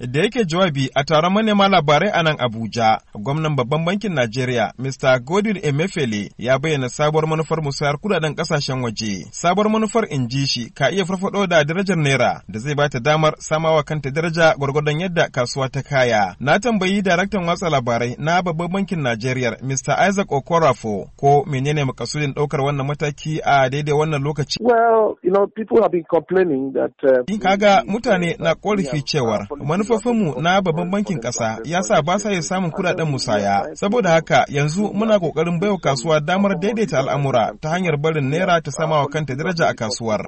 Da yake jawabi a taron manema labarai a nan Abuja, gwamnan babban bankin Najeriya, Mr. Godwin emefele ya bayyana sabuwar manufar musayar kudaden kasashen waje. Sabuwar manufar in ji shi ka iya farfado da darajar naira da zai bata damar samawa kanta daraja gwargwadon yadda kasuwa ta kaya. Na tambayi daraktan watsa labarai na babban bankin Najeriya, Mr. Isaac Okorafo, ko menene makasudin daukar wannan mataki a daidai wannan lokaci? Well, you know, people have been complaining that uh, kaga mutane na korafi cewar manufofinmu na babban bankin ƙasa ya sa ba sa iya samun kuɗaɗen musaya. Saboda haka yanzu muna ƙoƙarin baiwa kasuwa damar daidaita al'amura ta hanyar barin naira ta sama wa kanta daraja a kasuwar.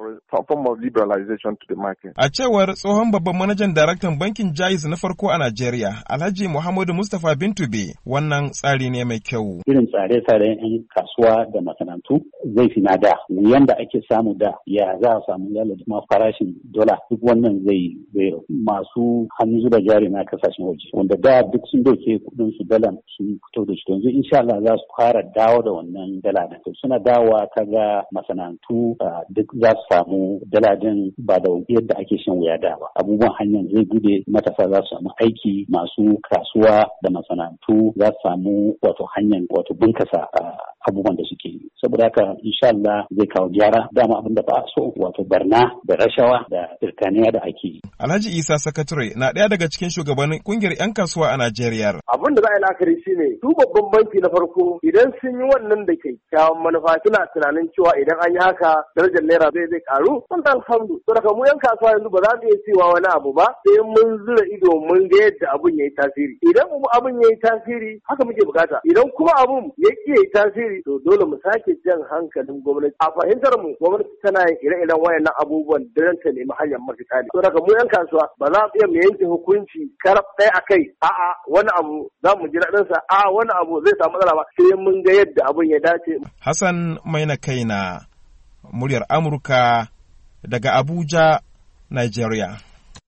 form of liberalization to the market. A cewar tsohon babban manajan daraktan bankin Jais na farko a Najeriya, Alhaji Muhammadu Mustapha Bintube, wannan tsari ne mai kyau. Irin tsare-tsaren 'yan kasuwa da masana'antu zai fi na da. Wuyan da ake samu da ya za a samu yalo da farashin dola duk wannan zai masu hannu zuba jari na kasashen waje. Wanda da duk sun doke kudin su dalan sun fito da shi. Yanzu insha Allah za su fara dawo da wannan dala da suna dawa kaga masana'antu ah, duk za su samu to ba da yadda ake shan wuya da ba abubuwan hanyar zai gude matasa za su samu aiki masu kasuwa da masana'antu za su samu wato hanyar wato bunkasa ah, abubuwan da suke yi saboda haka insha Allah zai kawo gyara dama abin da ba a so wato barna da rashawa da irkaniya da ake yi Alhaji Isa Sakature na ɗaya daga cikin shugabannin kungiyar 'yan kasuwa a Najeriya abin da za a yi la'akari shine su babban banki na farko idan sun yi wannan da ke. kyakkyawan manufa suna tunanin cewa idan an yi haka darajar naira zai zai karu sun da alhamdu to daga mu 'yan kasuwa yanzu ba za mu iya cewa wani abu ba sai mun zura ido mun ga yadda abun ya yi tasiri idan abin ya yi tasiri haka muke bukata idan kuma abun ya ƙi ya yi tasiri to dole mu sake jan hankalin gwamnati a fahimtar mu gwamnati tana yin ire-iren wayannan abubuwan don ta nemi hanyar mafita ne to daga mu yan kasuwa ba za mu iya mu yanke hukunci karab ɗaya a kai a'a wani abu za mu ji daɗin sa a wani abu zai samu matsala ba sai mun ga yadda abun ya dace Hassan Maina Kaina muryar Amurka daga Abuja Nigeria